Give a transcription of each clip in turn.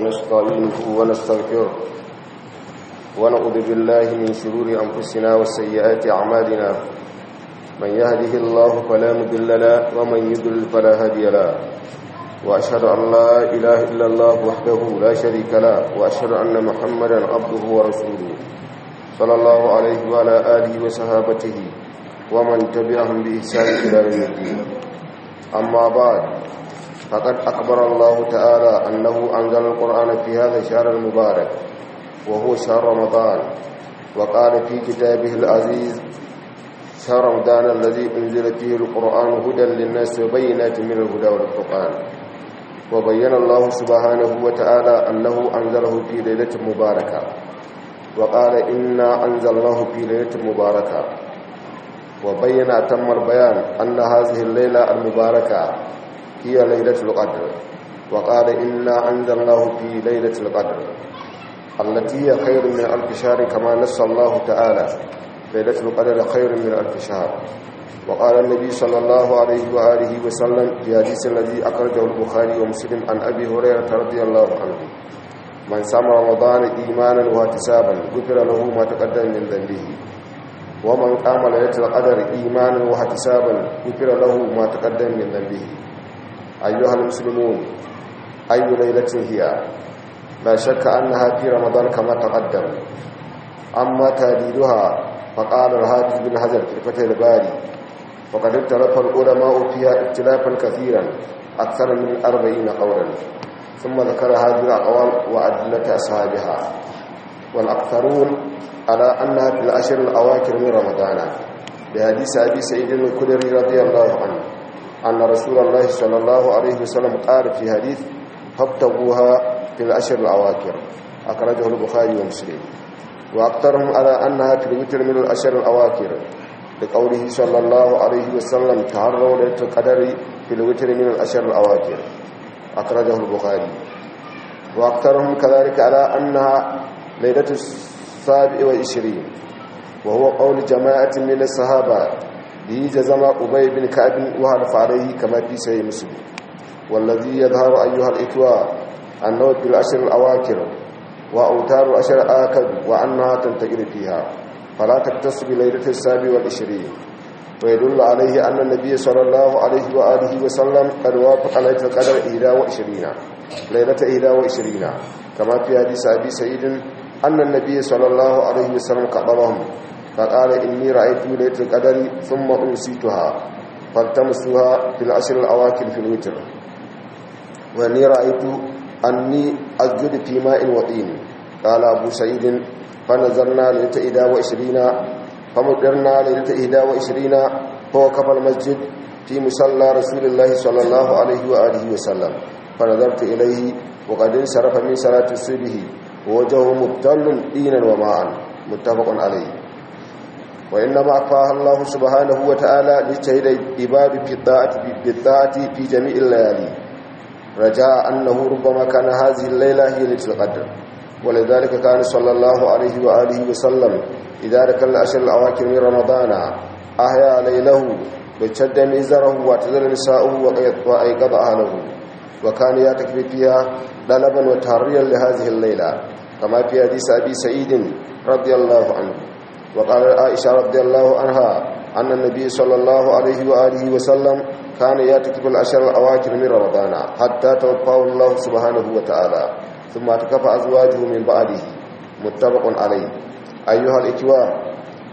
ونستعينه ونستغفره ونعوذ بالله من شرور أنفسنا وسيئات أعمالنا من يهده الله فلا مضل له ومن يضلل فلا هادي له وأشهد أن لا إله إلا الله وحده لا شريك له وأشهد أن محمدا عبده ورسوله صلى الله عليه وعلى آله وصحابته ومن تبعهم بإحسان إلى يوم الدين أما بعد فقد أخبر الله تعالى أنه أنزل القرآن في هذا الشهر المبارك وهو شهر رمضان وقال في كتابه العزيز شهر رمضان الذي أنزل فيه القرآن هدى للناس وبينات من الهدى والفرقان وبين الله سبحانه وتعالى أنه أنزله في ليلة مباركة وقال إنا أنزلناه في ليلة مباركة وبين أتم البيان أن هذه الليلة المباركة هي ليلة القدر وقال إنا أنزلناه في ليلة القدر التي هي خير من ألف شهر كما نص الله تعالى ليلة القدر خير من ألف شهر وقال النبي صلى الله عليه وآله وسلم في حديث الذي أخرجه البخاري ومسلم عن أبي هريرة رضي الله عنه من سام رمضان إيمانا واحتسابا غفر له ما تقدم من ذنبه ومن قام ليلة القدر إيمانا واحتسابا غفر له ما تقدم من ذنبه أيها المسلمون أي ليلة هي لا شك أنها في رمضان كما تقدم أما تاديدها فقال الهادي بن حجر في الفتح الباري وقد اختلف العلماء فيها اختلافا كثيرا أكثر من أربعين قولا ثم ذكر هذه الأقوال وأدلة أصحابها والأكثرون على أنها في العشر الأواخر من رمضان بحديث أبي سعيد الكدري رضي الله عنه أن رسول الله صلى الله عليه وسلم قال في حديث فابتغوها في العشر الأواخر أخرجه البخاري ومسلم وأكثرهم على أنها في الوتر من العشر الأواخر لقوله صلى الله عليه وسلم تعروا ليلة القدر في الوتر من العشر الأواخر أخرجه البخاري وأكثرهم كذلك على أنها ليلة السابع والعشرين وهو قول جماعة من الصحابة da yi da zama ubai bin ka'abin wahal farai kama fi sai musulmi wallazi yadhharu ayyuhal itwa annahu fil ashirin al awakir wa autaru ashr akad wa annaha tantaqiru fiha fala taktasu bi laylati sabi wal 20 ويدل عليه أن النبي صلى الله عليه وآله وسلم قد وافق ليلة القدر 21 Kamar fiye كما في حديث أبي سعيد أن النبي صلى الله عليه وسلم قبضهم فقال إني رأيت ليلة القدر ثم أوسيتها فالتمسوها في العشر الأواكل في الوتر وإني رأيت أني أسجد في ماء وطين قال أبو سعيد فنظرنا ليلة إحدى وعشرين فمطرنا ليلة إحدى وعشرين فوقف المسجد في مصلى رسول الله صلى الله عليه وآله وسلم فنظرت إليه وقد انصرف من صلاة الصبح ووجهه مبتل دينا وماء متفق عليه وإنما أكفاها الله سبحانه وتعالى لاجتهد إباد بالذات الطاعة في جميع الليالي رجاء أنه ربما كان هذه الليلة هي ليلة القدر ولذلك كان صلى الله عليه وآله وسلم إذا ذلك الأشهر الأواكر من رمضان أحيا ليله وشد ميزره واعتزل نساؤه وأيقظ أهله وكان يعتكف فيها طلبا وتهريا لهذه الليلة كما في حديث أبي سعيد رضي الله عنه وقال عائشة رضي الله عنها أن النبي صلى الله عليه وآله وسلم كان يعتكف العشر الأواخر من رمضان حتى توفاه الله سبحانه وتعالى ثم اعتكف أزواجه من بعده متفق عليه أيها الإكوة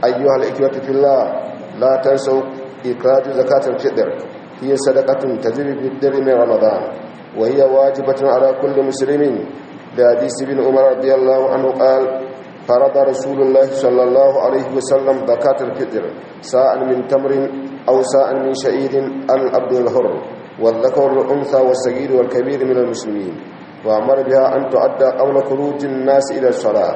أيها الإكوة في الله لا تنسوا إخراج زكاة الفطر هي صدقة تجري في الدر من رمضان وهي واجبة على كل مسلم لحديث بن عمر رضي الله عنه قال فرض رسول الله صلى الله عليه وسلم زكاة الفطر ساء من تمر أو ساء من شعيد العبد الحر والذكر والأنثى والصغير والكبير من المسلمين وأمر بها أن تعد قبل خروج الناس إلى الصلاة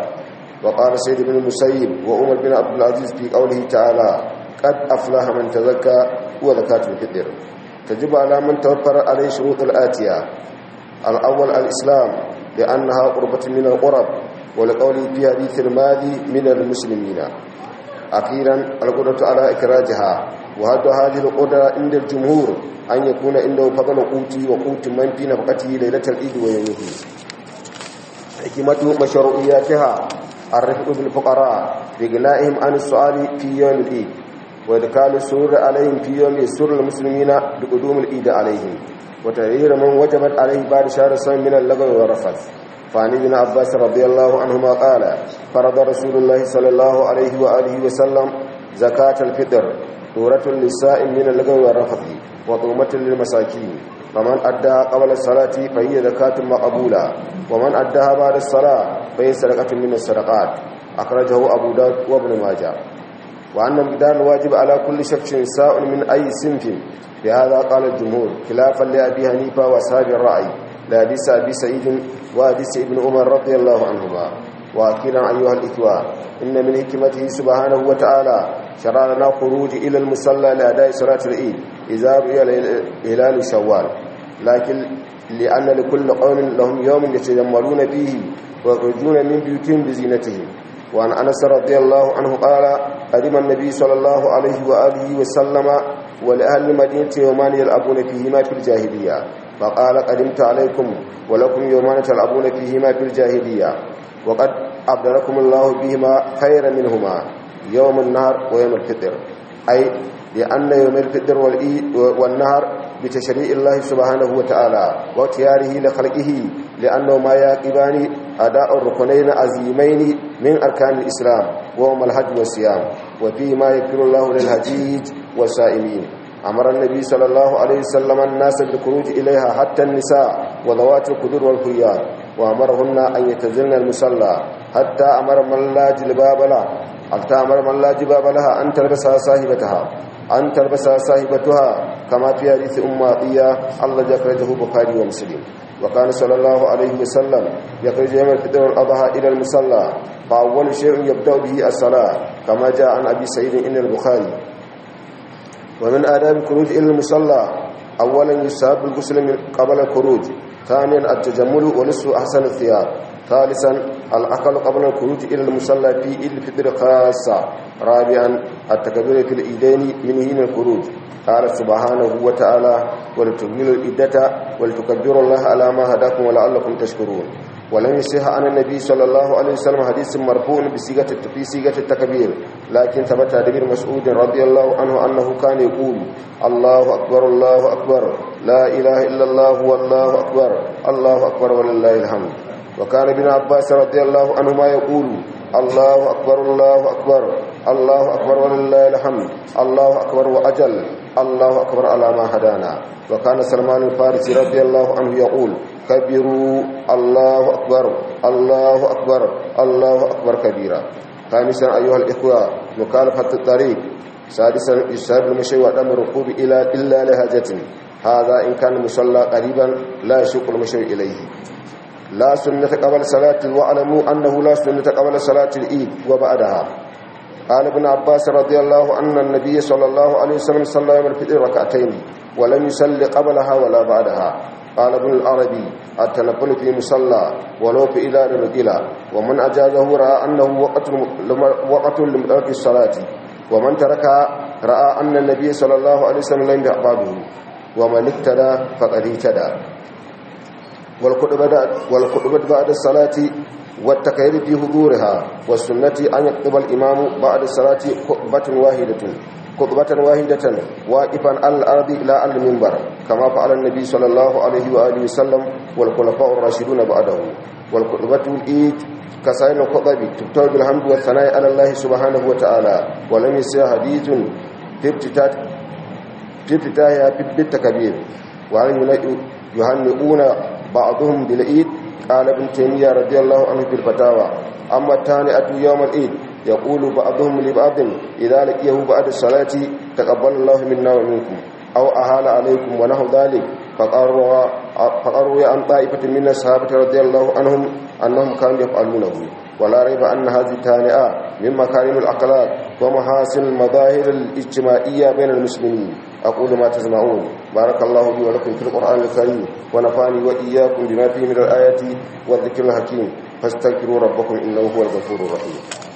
وقال سيد بن المسيب وعمر بن عبد العزيز في قوله تعالى قد أفلح من تزكى وزكاة الفطر تجب على من توفر عليه شروط الآتية الأول الإسلام لأنها قربة من القرب والقول في حديث الماضي من المسلمين أخيرا القدرة على إكراجها وهذا هذه القدرة عند الجمهور أن يكون عنده فضل قوتي وقوت من في نفقته ليلة العيد ويومه حكمة مشروعياتها الرفق بالفقراء بغنائهم عن السؤال في يوم العيد وإدخال السرور عليهم في يوم يسر المسلمين بقدوم العيد عليهم وتغيير من وجبت عليه بعد شهر من اللغو والرفث فعن ابن عباس رضي الله عنهما قال فرض رسول الله صلى الله عليه وآله وسلم زكاة الفطر طورة للسائل من اللغو والرفض وطومة للمساكين فمن أداها قبل الصلاة فهي زكاة مقبولة ومن أداها بعد الصلاة فهي سرقة من السرقات أخرجه أبو داود وابن ماجه وأن المقدار الواجب على كل شخص ساء من أي سنف بهذا قال الجمهور خلافا لأبي هنيفة وأصحاب الرأي da bisa bi sayyidin wa hadisi ibn umar radiyallahu anhuma wa kiran ayyuha al-ikwa inna min hikmatihi subhanahu wa ta'ala sharana khuruj ila al-musalla li ada'i salati al-eid idha ru'ya hilal shawwal lakin li anna li kulli qawmin lahum yawmun yatajammaluna fihi wa yujuna min biyutihim bi zinatihim wa an anas anhu qala qadima an-nabiy sallallahu alayhi wa wa sallama wa li ahli madinati wa man yal'abuna fihi ma fil jahiliyyah فقال قدمت عليكم ولكم يومان تلعبون فيهما في الجاهلية وقد أبدلكم الله بهما خيرا منهما يوم النهر ويوم الفطر أي لأن يوم الفطر والنهر بتشريع الله سبحانه وتعالى واختياره لخلقه لأنه ما يقبان أداء الركنين عزيمين من أركان الإسلام وهم الحج والصيام وفيما يغفر الله للهجيج والسائمين أمر النبي صلى الله عليه وسلم الناس بالخروج إليها حتى النساء وذوات القدور والخيار وأمرهن أن يتزلن المصلى حتى أمر من لا جلباب له حتى أمر من لا جباب لها أن تلبسها صاحبتها أن تلبسها صاحبتها كما في حديث أم عطية الذي أخرجه البخاري ومسلم وكان صلى الله عليه وسلم يخرج يوم الفطر والأضحى إلى المصلى فأول شيء يبدأ به الصلاة كما جاء عن أبي سعيد إن البخاري ومن آداب الخروج إلى المصلى أولا يستحب الغسل قبل الخروج ثانيا التجمل ولصف أحسن الثياب ثالثا الأقل قبل الخروج إلى المصلى في عيد الفطر خاصة رابعا التكبير في الإيدين من حين الخروج قال سبحانه وتعالى ولتكملوا العدة ولتكبروا الله على ما هداكم ولعلكم تشكرون ولم يصح عن النبي صلى الله عليه وسلم حديث مرفوع بصيغه في صيغه التكبير لكن ثبت عن ابن مسعود رضي الله عنه انه كان يقول الله اكبر الله اكبر لا اله الا الله والله اكبر الله اكبر ولله الحمد وكان ابن عباس رضي الله عنهما يقول الله أكبر الله أكبر الله أكبر ولله الحمد الله أكبر وأجل الله أكبر على ما هدانا وكان سلمان الفارسي رضي الله عنه يقول كبروا الله أكبر الله أكبر الله أكبر كبيرا خامسا أيها الإخوة مكالفة الطريق سادسا يشهد المشي وأدم الركوب إلا, إلا لهجة هذا إن كان مصلى قريبا لا يشوق المشي إليه لا سنة قبل صلاة واعلموا أنه لا سنة قبل صلاة الإيد وبعدها قال ابن عباس رضي الله أن النبي صلى الله عليه وسلم صلى يوم الفطر ركعتين ولم يصلي قبلها ولا بعدها قال ابن العربي التنقل في مصلى ولو في إلى رجلا ومن أجازه رأى أنه وقت وقت لمدرك الصلاة ومن ترك رأى أن النبي صلى الله عليه وسلم لم يعبده ومن اهتدى فقد اهتدى والخطبة بعد الصلاة والتقرير في حضورها والسنة أن يخطب الإمام بعد الصلاة خطبة واحدة خطبة واحدة واقفا على الأرض لا على المنبر كما فعل النبي صلى الله عليه وآله وسلم والخلفاء الراشدون بعده والخطبة الإيد كسائر الخطب تبتوى بالحمد والثناء على الله سبحانه وتعالى ولم يسير حديث في ابتتاحها في التكبير وعن يهنئون بعضهم بالعيد قال ابن تيمية رضي الله عنه في الفتاوى أما أتو يوم العيد يقول بعضهم لبعض إذا لقيه بعد الصلاة تقبل الله منا ومنكم أو أهال عليكم ونحو ذلك فقروا عن طائفة من الصحابة رضي الله عنهم أنهم كانوا يفعلونه ولا ريب أن هذه التهانئة من مكارم الأقلال ومحاسن المظاهر الاجتماعية بين المسلمين أقول ما تسمعون بارك الله لي ولكم في القرآن الكريم ونفعني وإياكم بما فيه من الآيات والذكر الحكيم فاستغفروا ربكم إنه هو الغفور الرحيم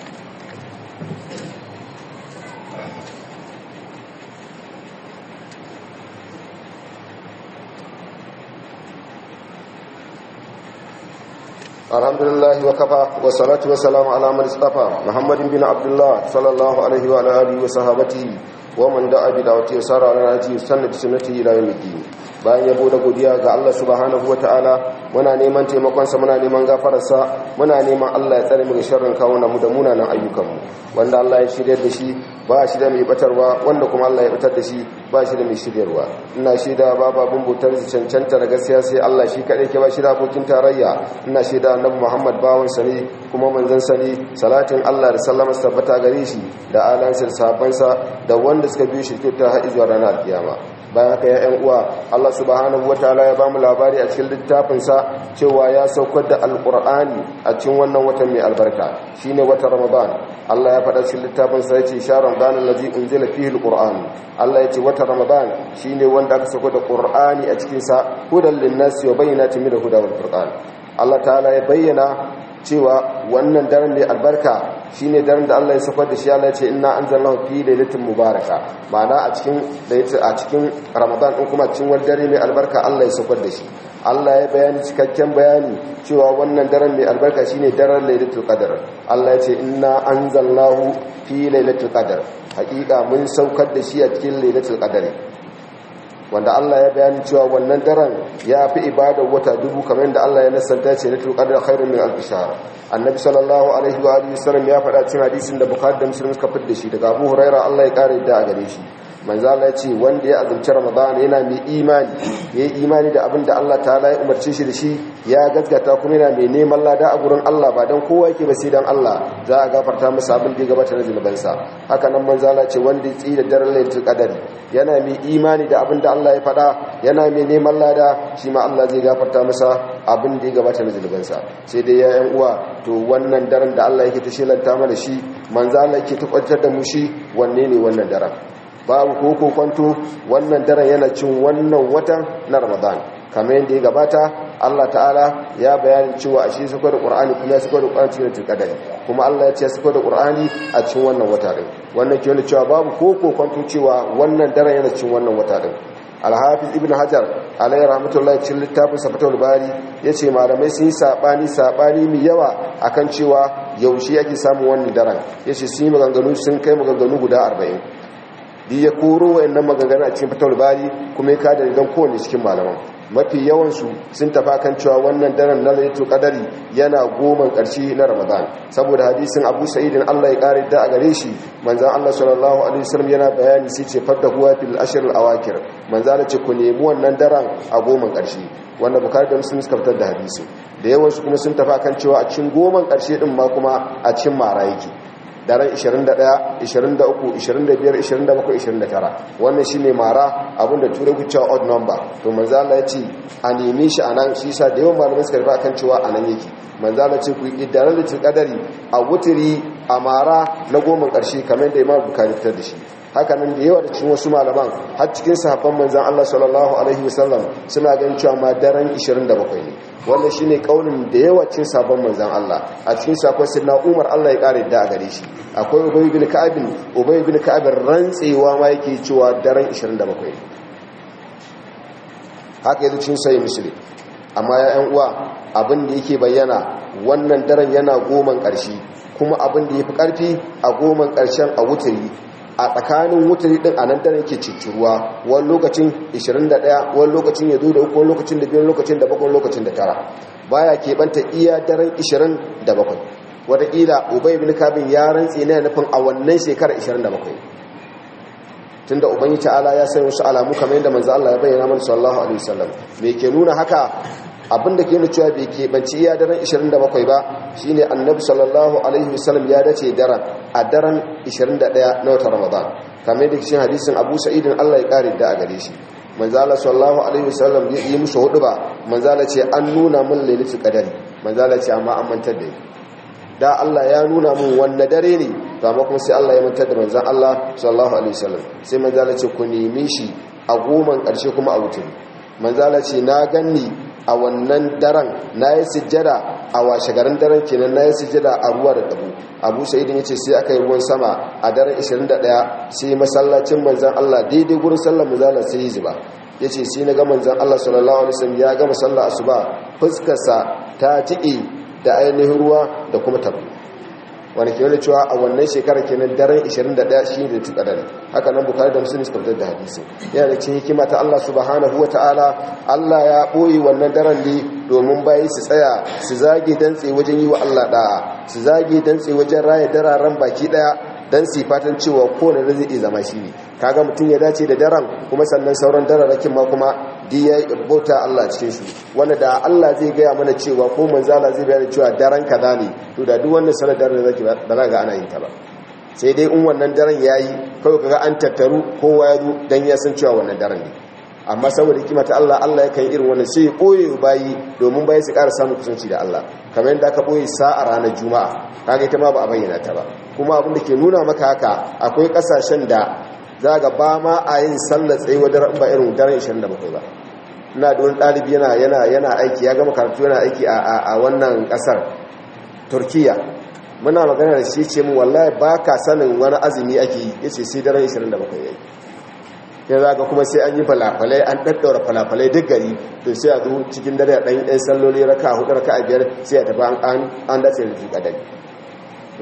wa kafa wa لله وكفى والصلاة والسلام على من اصطفى محمد بن wa الله صلى الله wa وعلى آله وصحابته ومن دعا بدعوته سار naji sannan سنة بسنته yi يوم الدين bayan yabo da godiya ga Allah subhanahu ta'ala muna neman taimakon sa muna neman gafararsa muna neman Allah ya tsare mu da sharrin na mu da munanan ayyukan mu wanda Allah ya shirya da shi ba shi da mai batarwa wanda kuma Allah ya batar da shi ba shi da mai shiryarwa ina shaida babu abin bautar su cancanta daga gaskiya Allah shi kaɗai ke ba shi da abokin tarayya ina shaida annabi Muhammad bawan sani kuma manzon sani salatin Allah da sallama tabbata gare shi da alansir da sabonsa da wanda suka biyo shi ta har zuwa ranar kiyama bayan haka ya yan uwa Allah subhanahu wataala ya bamu labari a cikin sa cewa ya saukar da alqur'ani a cikin wannan watan mai albarka shine watan ramadan Allah ya faɗa cikin littafin sa yace sharan dan allazi unzila fihi alqur'an Allah yace watan ramadan shine wanda aka saukar da qur'ani a cikin sa hudan linnasi wa bayyinatin min huda wal furqan Allah ta'ala ya bayyana cewa wannan daren mai albarka Shi ne daren da Allah ya saukar da shi Allah ya ce inna anzalnahu fi lailatin mubaraka ma'ana a cikin a cikin Ramadan din kuma cikin wani dare mai albarka Allah ya saukar da shi Allah ya bayani cikakken bayani cewa wannan daren mai albarka shi ne daren lailatul qadar Allah ya ce inna anzalnahu fi lailatul qadar hakika mun saukar da shi a cikin lailatul qadar wanda Allah ya bayani cewa wannan daren ya fi ibadar wata dubu kamar yadda Allah ya nasanta ce na tukar da khairun min alfishara annabi sallallahu alaihi wa alihi wasallam ya faɗa cikin hadisin da bukhari da muslim suka fitar da shi daga abu huraira Allah ya kare da a gare shi manzo Allah ya ce wanda ya azumci Ramadan yana mai imani yayi imani da abin da Allah ta'ala ya umarce shi da shi ya gaskata kuma yana mai neman lada a gurin Allah ba dan kowa yake ba sai dan Allah za a gafarta masa abin da ya gabata na zunuban sa haka nan manzo Allah ce wanda ya tsira daren lailatul qadar yana mai imani da abin da Allah ya fada yana mai neman lada shi ma Allah zai gafarta masa abin da ya gabata na zunuban sa sai dai ya yan uwa to wannan daren da Allah yake ta mana shi manzo Allah yake ta kwantar da mu shi wanne ne wannan daren babu ko kwanto wannan daren yana cin wannan watan na ramadan kamar yadda ya gabata Allah ta'ala ya bayanin cewa a cikin sukar Qur'ani kuma ya sukar Qur'ani cikin yi. kuma Allah ya ce da Qur'ani a cikin wannan wata wannan ke wani cewa babu ko kwanto cewa wannan daren yana cin wannan wata din alhafiz ibn hajar alayhi rahmatullahi cikin littafin safatul bari ya ce malamai sun yi saɓani-saɓani mai yawa a kan cewa yaushe ake samun wannan daren Ya ce sun yi maganganu sun kai maganganu guda arba'in di ya koro wayannan maganganu a cikin fitar bari kuma ya kada idan kowane cikin malaman mafi yawansu sun tafi kan cewa wannan daren na laito kadari yana goman karshe na ramadan saboda hadisin abu sa'idin Allah ya kare da a gare shi manzan Allah sallallahu alaihi wasallam yana bayani sai ce fadda huwa fil ashir al awakir manzon ce ku nemi wannan daren a goman karshe wanda bukari da muslim suka fitar da hadisi da yawansu kuma sun tafi kan cewa a cikin goman karshe din ma kuma a cikin mara daren 21 23 25 27 29 wannan shine mara abinda turai kuce odd number to manzala ya ce a nemi shi a nan shi sa da yawan malamai suka rufa kan cewa nan yake manzala ce ku yi daren da kadari a wutiri a mara na goma karshe kamar da Imam bukari fitar da shi hakanan da yawa da cikin wasu malaman har cikin sahabban manzan Allah sallallahu alaihi wasallam suna ganin cewa ma daren 27 ne wannan shine kaunin da yawa cikin sahabban manzan Allah a cikin sakon sirna Umar Allah ya kare da a gare shi akwai Ubay bin Ka'ab Ubay bin Ka'ab rantsewa ma yake cewa daren 27 ne haka yanzu cikin sayi muslim amma ya yan uwa abin da yake bayyana wannan daren yana goman ƙarshe kuma abin da ya fi ƙarfi a goman ƙarshen a wutari a tsakanin wutari din nan dare yake cicciruwa wani lokacin 21 wani lokacin ya zo da uku wani lokacin da biyar lokacin da bakwai lokacin da tara baya keɓanta iya daren 27 wataƙila ubay bin kabin ya rantse na nufin a wannan shekarar 27 tunda ubangiji ta'ala ya sai wasu alamu kamar yadda manzo Allah ya bayyana mana sallallahu alaihi wasallam me ke nuna haka abinda ke nuna cewa bai keɓanci iya daren 27 ba shine annabi sallallahu alaihi wasallam ya dace daren a daren 21 na watan ramadan kamar da cikin hadisin abu sa'idin allah ya kare da a gare shi manzala sallallahu alaihi wasallam ya yi musu hudu ba manzala ce an nuna min lailatul qadari manzala ce amma an mantar da da Allah ya nuna mun wanne dare ne to amma kuma sai Allah ya mantar da manzon Allah sallallahu alaihi wasallam sai manzala ce ku nemi shi a goman karshe kuma a wutar manzon ce na ganni a wannan daren na yi sujjada a washe garin daren kenan na yi sujjada a ruwa da ɗab'u abu sa'idin ya ce sai aka yi ruwan sama a daren 21 sai masallacin manzan allah daidai gurin sallar muzala sai yi zuba ya ce sai na ga manzan allah sallallahu alaihi wasallam ya gama sallar asuba fuskarsa ta jiƙe da ainihin ruwa da kuma wani ke wani cewa a wannan shekarar kenan daren 21 shi ne da dare haka nan bukari da musulun suka da hadisi yana da cikin hikima ta Allah subhanahu wa ta'ala Allah ya boye wannan daren ne domin bayi su tsaya su zage dantse wajen yi wa Allah ɗaya, su zage dantse wajen raya dararen baki ɗaya. don si fatan cewa kowane da zai zama shi ne kaga mutum ya dace da daren kuma sannan sauran dararrakin ma kuma diya bauta Allah cikin su wanda da Allah zai gaya mana cewa ko manzala zai bayar cewa daren kaza ne to da duk wannan sanar daren zaki ba za ga ana yin ta ba sai dai in wannan daren ya yayi kawai kaga an tattaru kowa ya zo dan ya san cewa wannan daren ne amma saboda hikima ta Allah Allah ya kan irin wannan sai ya koye bayi domin bayi su ƙara samun kusanci da Allah kamar yadda aka boye a ranar juma'a kaga ita ma ba a bayyana ta ba kuma abin da ke nuna maka haka akwai ƙasashen da za ga ba ma a yin sallar tsayuwa daren ba irin daren bakwai ba ina da wani ɗalibi yana aiki ya gama karatu yana aiki a wannan ƙasar turkiya muna magana da shi ce mu wallahi baka sanin wani azumi ake yi ya ce sai daren 27 ya yi ya za ka kuma sai an yi falafalai an ɗaɗɗaura falafalai duk gari to sai a zuwa cikin dare a ɗan yan salloli raka hudu raka a biyar sai a tafi an dace da jika dai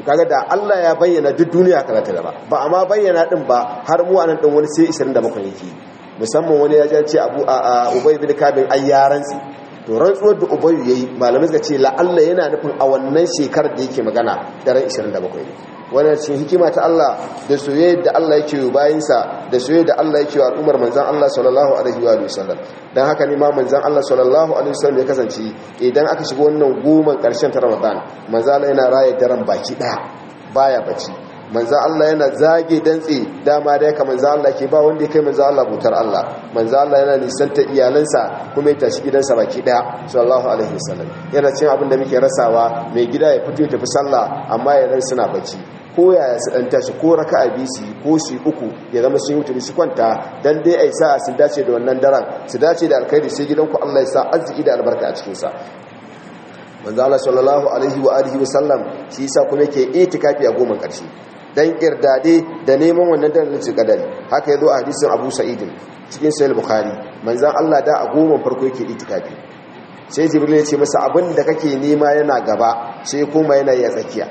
kaga da Allah ya bayyana duk duniya kala ta ba ba amma bayyana din ba har mu anan din wani sai 27 yake musamman wani ya ce abu a ubay bin kabin ayyaransi to rantsuwar da ubay yayi malamai suka ce la Allah yana nufin a wannan shekarar da yake magana daren 27 ne wannan cikin hikima ta Allah da soyayyar da Allah yake yi bayansa da soyayyar da Allah yake yi al'ummar manzon Allah sallallahu alaihi wa sallam dan haka ne ma manzon Allah sallallahu alaihi wa sallam ya kasance idan aka shiga wannan goman karshen ta Ramadan manzon Allah yana raye daren baki daya baya bacci manzan Allah yana zage dantse dama da yaka manzan Allah ke ba wanda ya kai manzan Allah butar Allah manzan Allah yana nisanta iyalansa kuma ya tashi gidansa baki daya sallallahu alaihi wa sallam yana cin abin da muke rasawa mai gida ya fito ya tafi sallah amma yaran suna bacci ko yaya su ɗan ko raka a bisi ko su uku ya zama sun yi su kwanta don dai a yi sa'a su dace da wannan daren su dace da alkhairi sai gidanku allah ya sa arziki da albarka a cikinsa manzo allah sallallahu alaihi wa alihi wa sallam shi yasa kuma yake itikafi a goma ƙarshe dan kirdade da neman wannan daren su kadari haka zo a hadisin abu sa'idin cikin sahih bukhari manzon allah da a goma farko yake itikafi sai jibril ya ce masa abin da kake nema yana gaba sai kuma yana yi a tsakiya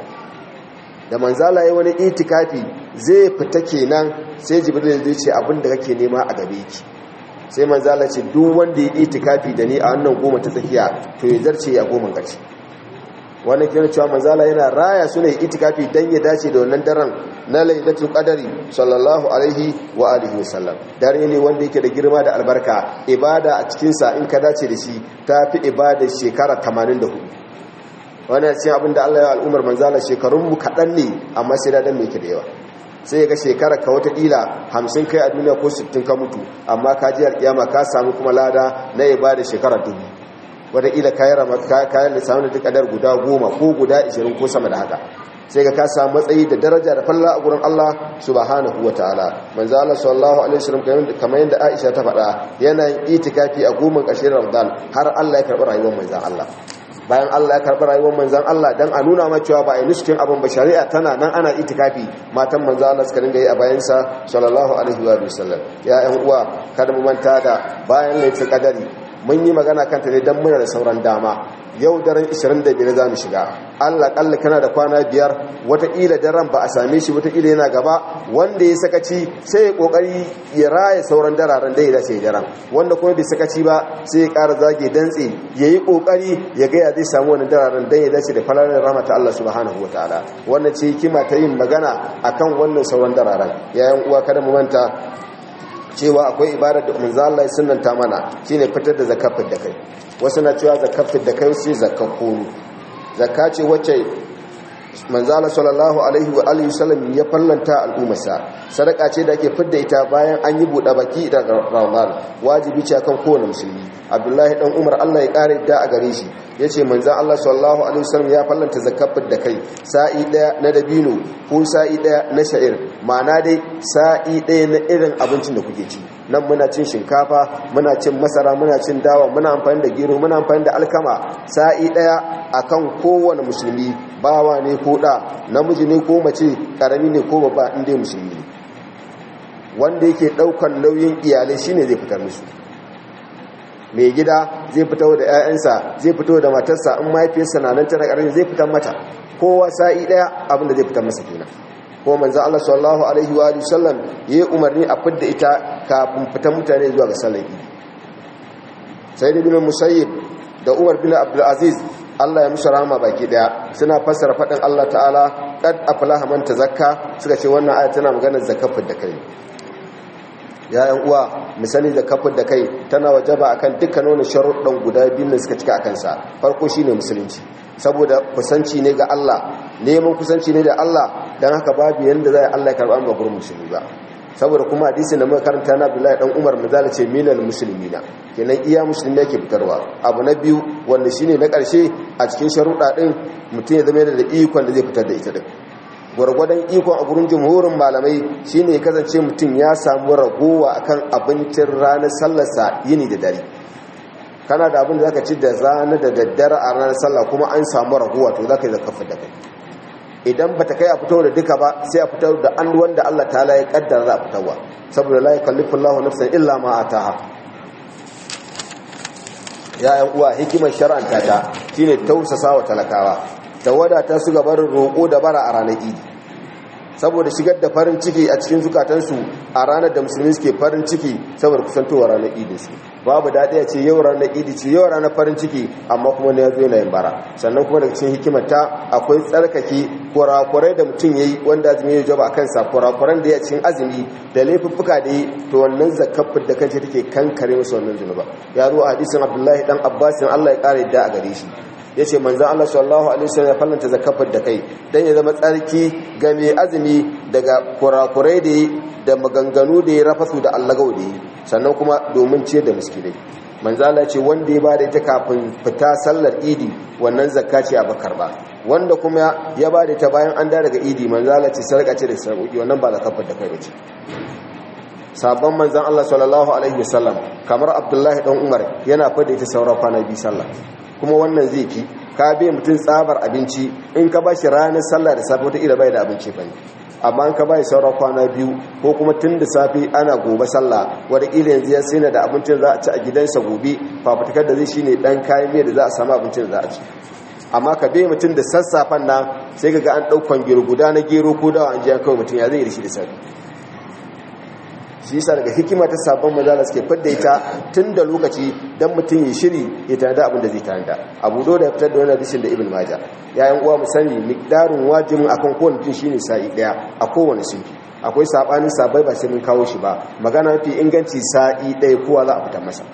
da manzala ya wani itikafi zai fita kenan sai jibril zai ce abin da kake nema a gabe ki sai manzala ce duk wanda ya itikafi da ni a wannan goma ta tsakiya to ya zarce ya goma gaci wani kiran cewa manzala yana raya su ne itikafi dan ya dace da wannan daren na lailatul qadari sallallahu alaihi wa alihi wasallam dare ne wanda yake da girma da albarka ibada a cikin sa in ka dace da shi tafi ibada shekara 84 wani ya ce abinda da Allah ya al'ummar manzala shekarunmu kaɗan ne amma sai daɗin mai da yawa sai ga shekara ka watakila hamsin kai a duniya ko sittin ka mutu amma ka ji alƙiyama ka samu kuma lada na ba da shekara dubu wataƙila kayan kayan lissamin da adar guda goma ko guda ishirin ko sama da haka sai ga ka samu matsayi da daraja da falla a gurin Allah subhanahu wa ta'ala manzo Allah sallallahu alaihi wasallam kamar yadda Aisha ta faɗa yana itikafi a goma ƙarshen Ramadan har Allah ya karɓi rayuwar manzo Allah bayan Allah ya karɓi rayuwar manzan Allah dan a nuna macewa ba a yi nuskin abin ba shari'a tana nan ana itikafi matan manzan Allah suka dinga yi a bayansa sallallahu alaihi wa sallam ya uwa kada mu manta da bayan laifin kadari mun yi magana kanta ne don muna da sauran dama yau daren 25 za mu shiga allah kalla kana da kwana biyar wataƙila daren ba a same shi wataƙila yana gaba wanda ya sakaci sai ya ƙoƙari ya raya sauran dararen da ya dace daren wanda kuma bai sakaci ba sai ya ƙara zage dantse ya yi ƙoƙari ya gaya zai samu wani dararen da ya dace da falalar rama ta allah subhanahu wa ta'ala wannan ce kima ta yin magana akan wannan sauran dararen yayan uwa kada mu manta cewa akwai ibadar da manzo Allah ya sunnanta mana shine fitar da zakafin da kai wasu na cewa zakafin da kai sai zakakku zakka ce wacce manzala sallallahu alaihi wa alihi sallam ya fallanta al'ummarsa sadaka ce da ake fidda ita bayan an yi buɗe baki da Ramadan wajibi ce kan kowane musulmi Abdullahi dan Umar Allah ya kare da a gare shi yace manzan Allah sallallahu alaihi wasallam ya fallanta zakafin da kai sa'i daya na dabino ko sa'i daya na sha'ir ma'ana dai sa'i daya na irin abincin da kuke ci nan muna cin shinkafa muna cin masara muna cin dawa muna amfani da gero muna amfani da alkama sa'i daya akan kowane musulmi bawa ne ko da namiji ne ko mace karami ne ko babba inda musulmi wanda yake daukan nauyin iyalai shine zai fitar musu mai gida zai fito da 'ya'yansa zai fito da matarsa in mahaifiyarsa na nan tana ƙarfi zai fitar mata kowa sa'i daya abinda zai fitar masa kenan Ko manzo Allah sallallahu alaihi wa sallam yayi umarni a fidda ita kafin fita mutane zuwa ga sallar idi sayyid ibn musayyib da umar bin abdul aziz Allah ya musu rahama baki daya suna fassara fadin Allah ta'ala qad aflaha man tazakka suka ce wannan aya tana magana zakafin da kai yayan uwa misali da kafin da kai tana wajaba akan dukkan wani sharuɗan guda biyu ne suka cika akan sa farko shine musulunci saboda kusanci ne ga Allah neman kusanci ne da Allah don haka babu yadda zai Allah ya karba an bakur musulmi ba saboda kuma hadisi na makaranta na Abdullahi dan Umar mazala ce musulmi na. kenan iya musulmi yake fitarwa abu na biyu wanda shine na ƙarshe a cikin sharuɗa din mutum ya zama yana da ikon da zai fitar da ita din gwargwadon ikon a gurin jumhurin malamai shi shine kasance mutum ya samu ragowa akan abincin ranar sallarsa yini da dare kana da abin da zaka ci da zana da daddare a ranar sallah kuma an samu raguwa to zaka yi zakafa da kai idan ba ta kai a fito da duka ba sai a fitar da an wanda Allah ta'ala ya kaddara za a fitarwa saboda la yakallifu Allahu nafsan illa ma ataha ya yan uwa hikimar shar'anta ta shine tausasa wa talakawa ta su gabarin roƙo da bara a ranar idi saboda shigar da farin ciki a cikin zukatansu a ranar da musulmi suke farin ciki saboda kusantowa ranar idi su babu daɗi a ce yau ranar idi ce yau ranar farin ciki amma kuma na yanzu yana bara sannan kuma daga cikin hikimata akwai tsarkake kurakurai da mutum ya yi wanda azumi ya jaba kansa kurakuran da ya cikin azumi da laifuffuka da yi to wannan zakafin da kanta take kankare masu wannan zunuba ya zo a hadisin abdullahi dan abbasin allah ya ƙara yadda a gare shi ya ce manzan Allah sallallahu alaihi wasallam ya fallanta zakafar da kai don ya zama tsarki ga mai azumi daga kurakurai da da maganganu da ya rafasu da allagau da yi sannan kuma domin ce da miskinai manzan Allah ce wanda ya ba da ita kafin fita sallar idi wannan zakka ce a bakar ba wanda kuma ya ba da ita bayan an da daga idi manzan Allah ce sarƙa ce da sarƙoƙi wannan ba zakafar da kai ba ce sabon manzan Allah sallallahu alaihi wasallam kamar Abdullahi dan Umar yana fada ita sauran kwana biyu sallah kuma wannan zai fi ka bai mutum tsabar abinci in ka bashi ranar sallah da safe wata ila bai da abinci ba amma in ka bashi sauran kwana biyu ko kuma tun da safe ana gobe sallah ila yanzu ya sai da abincin za a ci a gidansa gobe fafutukar da zai shine ɗan kayan miya da za a samu abincin da za a ci amma ka bai mutum da sassafen nan sai ka ga an ɗaukan gero guda na gero ko dawa an ji an kawai mutum ya zai yi da shi da safe su yasa daga hikima ta sabon majalis suke fadda ita tun da lokaci don mutum ya shiri ya tanada abin da zai tanada abu do da fitar da wani hadisin da ibn maja yayan uwa mu sani wajin wajibin akan kowane tun shine sa'i daya a kowane sunfi akwai sabanin sabai ba sai mun kawo shi ba magana mafi inganci sa'i daya kowa za a fita masa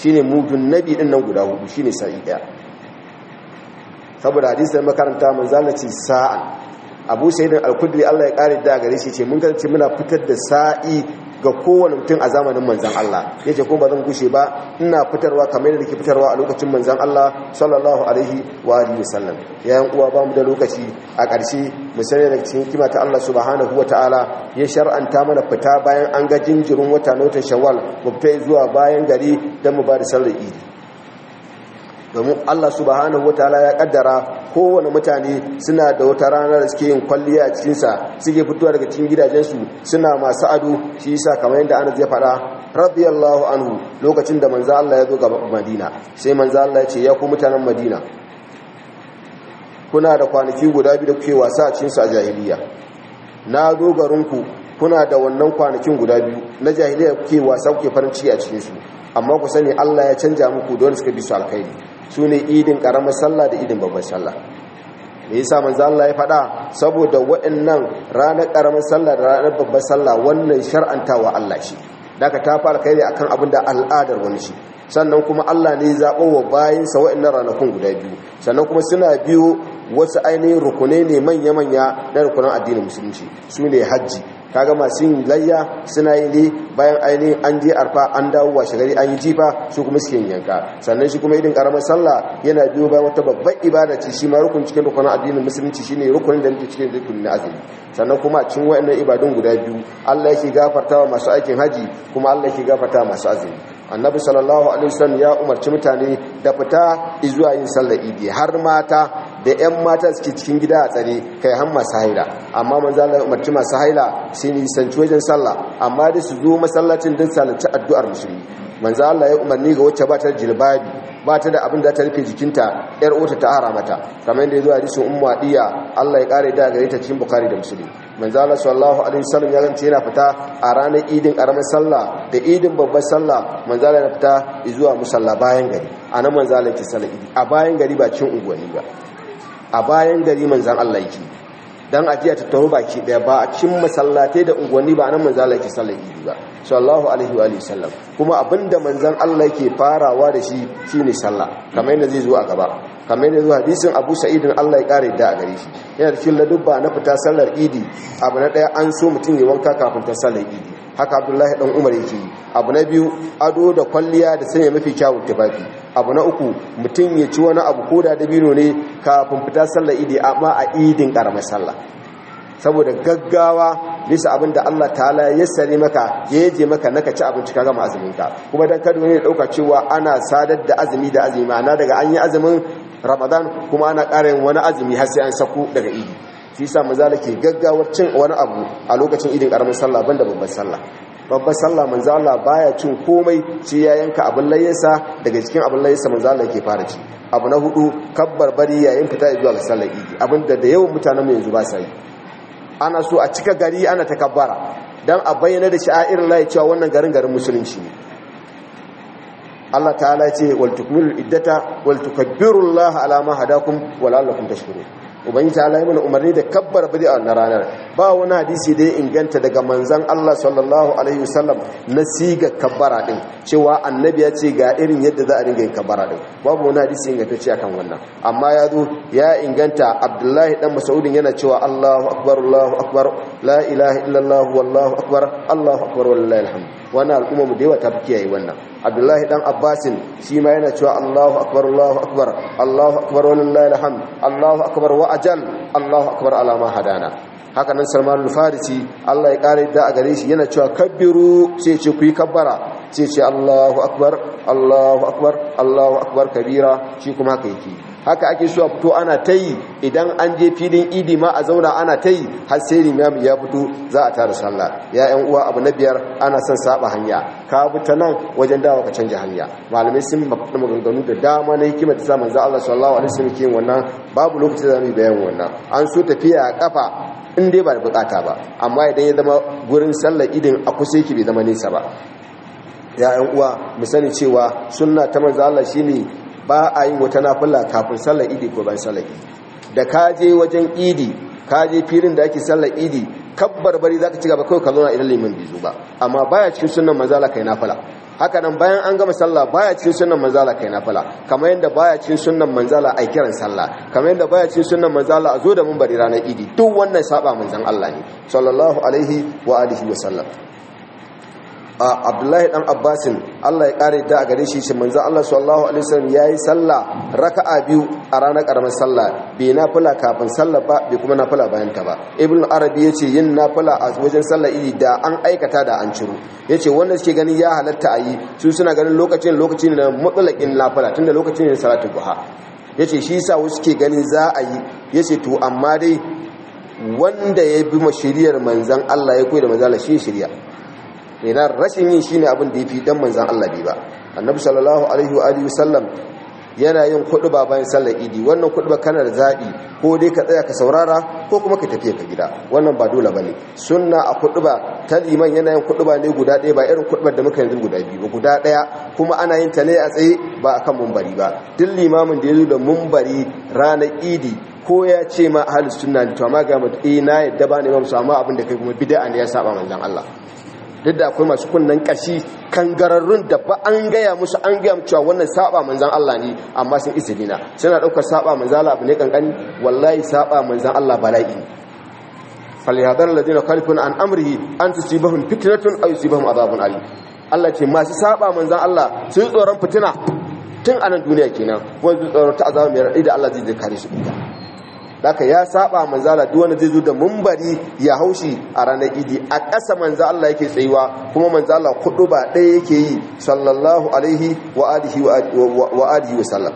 shine mudun nabi din nan guda hudu shine sa'i daya saboda da makaranta manzala ce sa'a abu sayyidin al-kudri Allah ya kare da gare shi ce mun kasance muna fitar da sa'i ga kowane mutum a zamanin manzan Allah ya ce kuma zan gushe ba ina fitarwa kamar yadda ke fitarwa a lokacin manzan Allah sallallahu alaihi wa alihi wasallam yayin uwa ba mu da lokaci a ƙarshe mu sani da cikin kima ta Allah subhanahu wa ta'ala ya shar'anta mana fita bayan an ga jinjirin wata notar shawal mu fita zuwa bayan gari don mu ba da sallar idi domin Allah subhanahu wataala ya kaddara kowane mutane suna da wata rana da suke yin kwalliya a cikinsa suke fitowa daga cikin gidajensu suna masu ado shi yasa kamar yadda Anas ya faɗa radiyallahu anhu lokacin da manzo Allah ya zo ga Madina sai manzo Allah ya ce ya ku mutanen Madina kuna da kwanaki guda biyu da kuke wasa a cikinsu a jahiliya na dogarinku kuna da wannan kwanakin guda biyu na jahiliya kuke wasa kuke farin ciki a cikinsu amma ku sani Allah ya canja muku don suka bi su alkhairi su ne idin karamar sallah da idin babban sallah me yasa manzo Allah ya faɗa saboda waɗannan ranar karamar sallah da ranar babban sallah wannan shar'antawa Allah shi daga ta fara kai akan abin da al'adar wani shi sannan kuma Allah ne zaɓo wa bayansa waɗannan ranakun guda biyu sannan kuma suna biyo wasu ainihin rukune ne manya-manya na rukunan addinin musulunci su ne hajji kaga masu yin layya suna yi ne bayan ainihin an je arfa an dawo washe gari an yi jifa su kuma suke yanka sannan shi kuma idin karamar sallah yana biyo bayan wata babban ibada ce shi ma rukun cikin rukunin addinin musulunci shine rukunin da muke cikin rukun na azumi sannan kuma cikin wayannan ibadun guda biyu Allah yake wa masu aikin haji kuma Allah yake wa masu azumi annabi sallallahu alaihi wasallam ya umarci mutane da fita zuwa yin sallar idi har mata da 'yan mata suke cikin gida a tsare kai har masu haila amma manzo Allah umarci masu haila su yi sanci wajen sallah amma da su zo masallacin don salaci addu'ar musulmi manzo Allah ya umarni ga wacce ba ta jilbabi ba ta da abin da ta rufe jikinta yar ta haramata kamar yadda ya zo hadisin ummu adiya Allah ya kare da gare ta cikin bukari da musulmi manzala sallallahu alaihi wasallam ya zance yana fita a ranar idin karamar sallah da idin babbar sallah manzala yana fita zuwa musalla bayan gari a nan manzala yake sallah idi a bayan gari ba cin unguwanni ba a bayan gari manzan Allah yake dan ajiya ta taru baki daya ba a cikin masallatai da unguwanni ba nan manzala ke sallar idi ba sallallahu alaihi wa sallam kuma abinda manzan Allah yake farawa da shi shine sallah kamar yadda zai zo a gaba kamar yadda zo hadisin Abu Sa'id Allah ya kare da a gare shi yana cikin ladubba na fita sallar idi abu na ɗaya an so mutum ya wanka kafin ta sallar idi haka abdullahi dan umar yake yi abu na biyu ado da kwalliya da sanya mafi kyawun tufafi abu na uku mutum ya ci wani abu ko koda dabino ne kafin fita sallar idi amma a idin karamar sallah saboda gaggawa bisa abin da Allah ta'ala ya sare maka ya yaje maka ka ci abinci ka gama azumin ka kuma dan kada wani ya dauka cewa ana sadar da azumi da azumi ma'ana daga an yi azumin Ramadan kuma ana ƙara wani azumi har sai an sako daga idi shi yasa manzala ke gaggawar cin wani abu a lokacin idin karamin sallah banda babban sallah babban sallah manzala baya cin komai shi ya yanka abin layyasa daga cikin abin layyasa manzala ke fara ci abu na hudu kabbar bari yayin fita zuwa ga sallar idi da da yawan mutanen mu yanzu ba sa yi ana so a cika gari ana kabbara dan a bayyana da sha'irin layi cewa wannan garin garin musulunci ne Allah ta'ala ce wal iddata wal tukabbirullaha ala ma hadakum wa la'allakum ubangiji Allah ya mana umarni da babbar bid'a na ranar ba wani hadisi da ya inganta daga manzan Allah sallallahu alaihi wasallam na siga kabbara din cewa annabi ya ce ga irin yadda za a ringa yin kabbara din babu wani hadisi ingantacce akan wannan amma ya zo ya inganta Abdullahi dan Mas'udin yana cewa Allahu akbar Allahu akbar la ilaha illallah wallahu akbar Allahu akbar wallahi alhamd wannan al'umma mu da yawa ta kiyaye wannan Abdullahi dan Abbasin shi ma yana cewa Allahu akbar Allahu akbar Allahu akbar wallahi alhamd Allahu akbar wa ajal Allahu akbar ala ma hadana haka nan salmanul farisi Allah ya kare da a gare shi yana cewa kabbiru sai ce ku yi kabbara sai ce Allahu akbar Allahu akbar Allahu akbar kabira shi kuma haka yake haka ake so a fito ana ta yi idan an je filin idi ma a zauna ana ta yi har sai limami ya fito za a tara sallah ya yan uwa abu na biyar ana son saba hanya ka nan wajen dawa ka canja hanya malamai sun mafi maganganu da dama na hikimar ta samun za Allah sallallahu alaihi wasallam ke wannan babu lokaci da mu bayan wannan an so tafiya a kafa in dai ba da bukata ba amma idan ya zama gurin sallar idin a kusa yake bai zama nesa ba ya yan uwa mu sani cewa sunna ta manzo Allah shine ba a yi wata nafila kafin sallar idi ko bayan sallar idi da ka je wajen idi ka je filin da ake sallar idi kabbar bari za ka ci gaba kawai ka na idan limin bizu ba amma baya cikin sunan manzala kai nafila haka nan bayan an gama sallah baya cikin sunan manzala kai nafila kamar yadda baya cikin sunan manzala a kiran sallah kamar yadda baya cikin sunan manzala a zo da bari ranar idi duk wannan saba manzon Allah ne sallallahu alaihi wa alihi wa sallam A abdullahi dan abbasin allah ya kare da a gare shi shi manzo allah sallallahu alaihi wasallam yi sallah raka'a biyu a ranar karamar sallah bai nafila kafin sallah ba bai kuma nafila bayan ta ba ibnu arabi ya ce yin nafila a wajen sallah iri da an aikata da an ciro ya ce wanda suke ganin ya halatta a yi su suna ganin lokacin lokacin na mutlaqin nafila tunda lokacin ne salatul duha ce shi yasa wasu suke ganin za a yi ce to amma dai wanda ya bi shiriyar manzan Allah ya koyi da manzala shi shirya ina rashin yin shine abin da yafi dan manzan Allah bi ba annabi sallallahu alaihi wa alihi wasallam yana yin ba bayan sallar idi wannan ba kana da zabi ko dai ka tsaya ka saurara ko kuma ka tafi ka gida wannan ba dole bane sunna a kuduba ta liman yana yin ba ne guda ɗaya ba irin kudu da muka yanzu guda biyu guda ɗaya kuma ana yin ta ne a tsaye ba akan mumbari ba duk limamin da ya zo da mumbari ranar idi ko ya ce ma ahlus sunna ne to amma ga mu eh, na yadda ba ne ba mu samu abin da kai kuma bid'a ne ya saba manzon Allah duk da akwai masu kunnen kashi gararrun da ba an gaya musu an gaya mu cewa wannan saba manzan Allah ne amma sun isilina suna daukar saba manzan Allah abu ne kankani wallahi saba manzan Allah bala'i falyadar alladhina khalifun an amrihi an tusibahum fitnatun aw yusibahum adhabun ali Allah ce masu saba manzan Allah sun tsoron fitina tun anan duniya kenan wanda tsoron ta azabar mai da Allah zai kare su ita daka ya saba manzala duk wanda zai zo da mumbari ya haushi a ranar idi a ƙasa manza Allah yake tsayuwa kuma manza Allah kudu ba ɗaya yake yi sallallahu alaihi wa alihi wa alihi wa sallam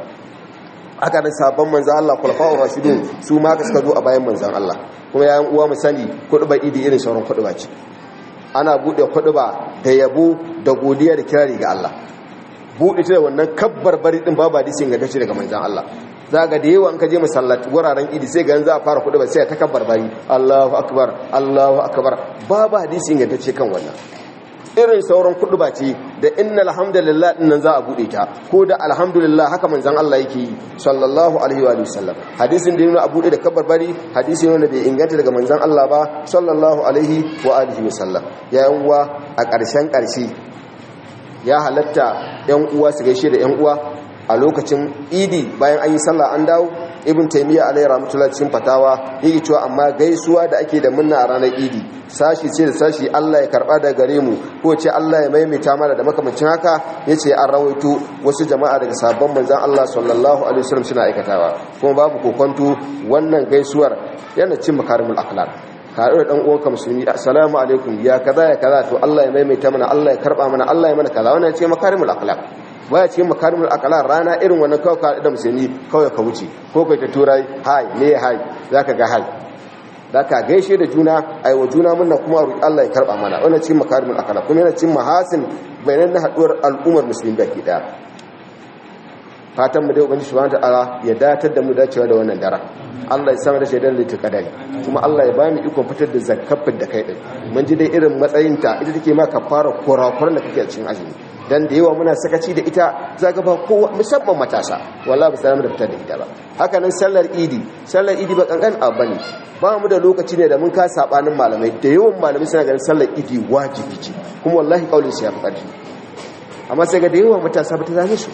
aka da sabon manza Allah wa rasidun su ma ka suka zo a bayan manzan Allah kuma yayin uwa mu sani kudu ba idi irin sauran kudu ba ce ana buɗe kudu ba da yabo da godiya da kirari ga Allah buɗe ta da wannan kabbar bari din babu ga ingantacce daga manzan Allah za ga da yawan ka je masallaci wuraren idi sai ga za a fara kudu ba sai ta kabbar bari Allahu akbar Allahu akbar babu hadisi ingantacce kan wannan irin sauran kudu ba ce da inna alhamdulillah din za a bude ta ko da alhamdulillah haka manzon Allah yake yi sallallahu alaihi wa sallam hadisin da yana a bude da kabar bari hadisi ne bai inganta daga manzan Allah ba sallallahu alaihi wa alihi wa sallam 'yan uwa a ƙarshen ƙarshe ya halatta yan uwa su gaishe da yan uwa a lokacin idi bayan an yi sallah an dawo ibn taymiya alayhi rahmatullah cikin fatawa yake cewa amma gaisuwa da ake da munna a ranar idi sashi ce da sashi Allah ya karba da gare mu ko ce Allah ya maimaita mana da makamancin haka yace an rawaito wasu jama'a daga sabon manzon Allah sallallahu alaihi wasallam suna aikatawa kuma babu kokonto wannan gaisuwar yana cin makarimul akhlaq kaɗo da uwanka musulmi assalamu alaikum ya kaza ya kaza to Allah ya maimaita mana Allah ya karba mana Allah ya mana kaza wannan ce makarimul akhlaq baya cikin makarimul akala rana irin wannan kawai ka da musulmi kawai ka wuce ko kai ta turai hai ne hai ka ga hai ka gaishe da juna ai wa juna muna kuma roki Allah ya karɓa mana wannan cikin makarimul akala kuma yana cikin mahasin bayanan na haduwar al'ummar musulmi baki daya fatan mu dai ubangiji subhanahu wataala ya datar da mu dacewa da wannan dara Allah ya samu da shaidan litin kadari kuma Allah ya bani ikon fitar da zakkafin da kai din mun ji dai irin matsayin ta ita take ma ka fara kora da kake a cikin azumi dan da yawa muna sakaci da ita za ga ba kowa musamman matasa wallahi ba samu da fitar da ita ba haka nan sallar idi sallar idi ba kankan abu bane ba mu da lokaci ne da mun ka sabanin malamai da yawan malamai suna ganin sallar idi wajibi ce kuma wallahi kaulin su ya fi karfi amma sai ga da yawa matasa ba ta zame su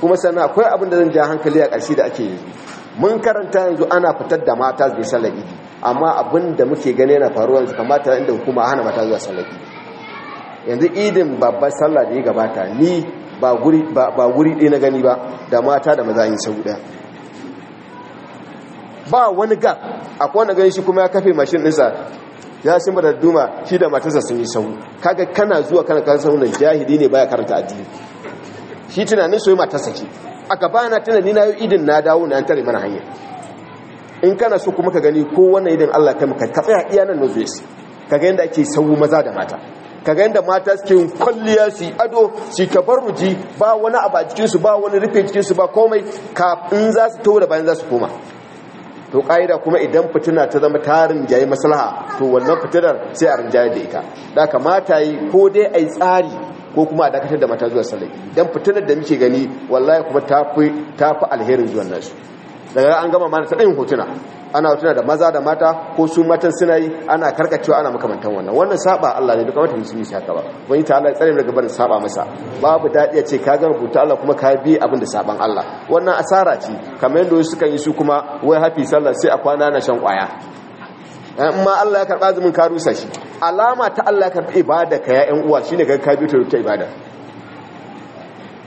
kuma sannan akwai abin da zan ja hankali a ƙarshe da ake yanzu mun karanta yanzu ana fitar da mata su sallar idi amma abin da muke gani yana faruwa yanzu kamata inda hukuma hana mata zuwa sallar idi yanzu idin babbar sallah da ya gabata ni ba guri ɗaya na gani ba da mata da maza yin sau ɗaya ba wani gab akwai wani gani shi kuma ya kafe mashin ɗinsa ya shi mata duma shi da matarsa sun yi sau kaga kana zuwa kana kan sau da jahili ne baya karanta addini shi tunanin soyi matarsa ce a gaba na tunani na yi idin na dawo na an tare mana hanya in kana so kuma ka gani ko wannan idin allah kai muka ka tsaya iya nan Ka kaga yadda ake sau maza da mata ka ga yadda mata suke yin kwalliya su ado su tabarruji ba wani abu a cikinsu ba wani rufe cikinsu ba komai kafin za su taho da bayan za su koma to ƙa'ida kuma idan fitina ta zama ta rinjaye maslaha to wannan fitinar sai a rinjaye da ita da ka mata yi ko dai a yi tsari ko kuma a dakatar da mata zuwa salai idan fitinar da muke gani wallahi kuma ta fi alherin zuwan nasu daga an gama mana ta hotuna ana hotuna da maza da mata ko su matan suna yi ana karkacewa ana makamantan wannan wannan saba Allah ne duka mata musulmi shaka haka ba wani ta Allah tsare daga barin saba masa babu daɗi ce ka ga rubuta Allah kuma ka bi abin da saban Allah wannan asara ce kamar yadda wasu sukan yi su kuma wai hafi sallah sai a kwana na shan kwaya eh, in ma Allah ya karɓa azumin ka rusa shi alama ta Allah ya karɓi ibada ka ya uwa shine ka ka bi ta ibada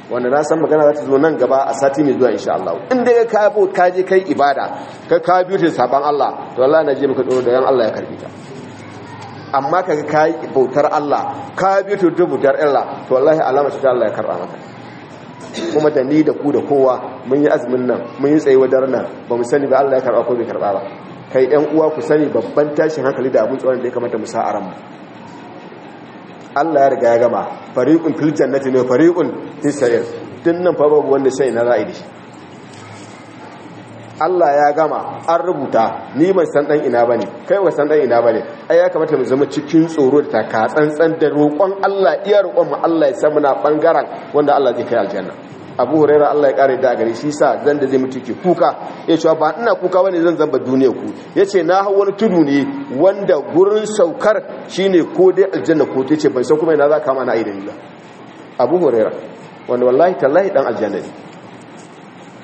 wanda na san magana za ta zo nan gaba a sati mai zuwa insha Allah in dai ka bo ka je kai ibada ka ka biyo ta saban Allah to wallahi na je maka tsoro da yan Allah ya karbi ta amma ka ga kai bautar Allah ka biyo ta dubu dar Allah to wallahi alama ta Allah ya karba maka kuma da ni da ku da kowa mun yi azumin nan mun yi tsayuwa daren nan ba mu sani ba Allah ya karba ko bai karba ba kai yan uwa ku sani babban tashin hankali da abun tsoron da ya kamata mu sa a ranmu Allah ya riga ya gama fariqun fil jannati ne fariqun fis dinnan fa babu wanda sai na ra'idi shi Allah ya gama an rubuta ni ban san dan ina bane kai ba san dan ina bane ai ya kamata mu zama cikin tsoro da taka tsantsan da roƙon Allah iya roƙon mu Allah ya san muna bangaren wanda Allah zai kai aljanna abu huraira Allah ya kare da gari shi sa zan da zai mutu ke kuka ya ce ba ina kuka wani zan zamba duniya ku ya ce na hau wani tudu ne wanda gurin saukar shine ko dai aljanna ko ta ce bai san kuma yana za kama na aidani ba abu huraira wanda wallahi tallahi dan aljanna ne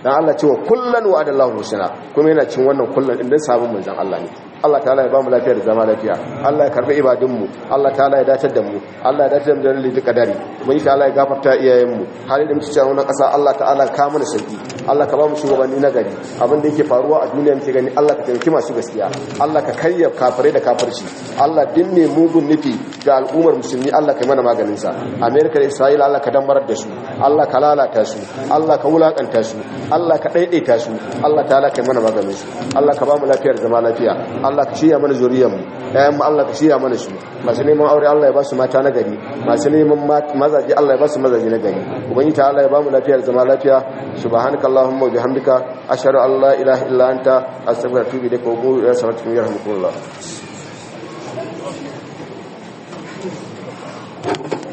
dan Allah cewa kullan wa'adallahu husna kuma yana cin wannan kullan din dan sabon manzon Allah ne Allah ta ya ba mu lafiya da zama lafiya Allah ya karbi ibadun mu Allah ta ya dace da mu Allah ya dace da mu da dalilin kadari mun Allah ya gafarta iyayen mu halin da muke cewa wannan ƙasa Allah ta'ala ka mana sauki Allah ka ba mu shugabanni na gari abin da yake faruwa a duniya muke gani Allah ka taimaki masu gaskiya Allah ka kayyab kafirai da kafirci Allah binne mugun nufi ga al'ummar musulmi Allah ka yi mana maganin sa America da Isra'ila Allah ka damarar da su Allah ka lalata su Allah ka wulakanta su Allah ka daidaita su Allah ta ka mana maganin su Allah ka ba mu lafiyar zama lafiya Allah ka shirya mana zuriyar mu ayyamu Allah ka shirya mana su masu neman aure Allah ya ba su mata na gari masu neman mazaje Allah ya ba su mazaje na gari ta Allah ya ba mu lafiyar zama lafiya subhanaka subhanakallahumma wa bihamdika ashhadu an la ilaha illa anta astaghfiruka wa atubu ilayk wa qul ya salatu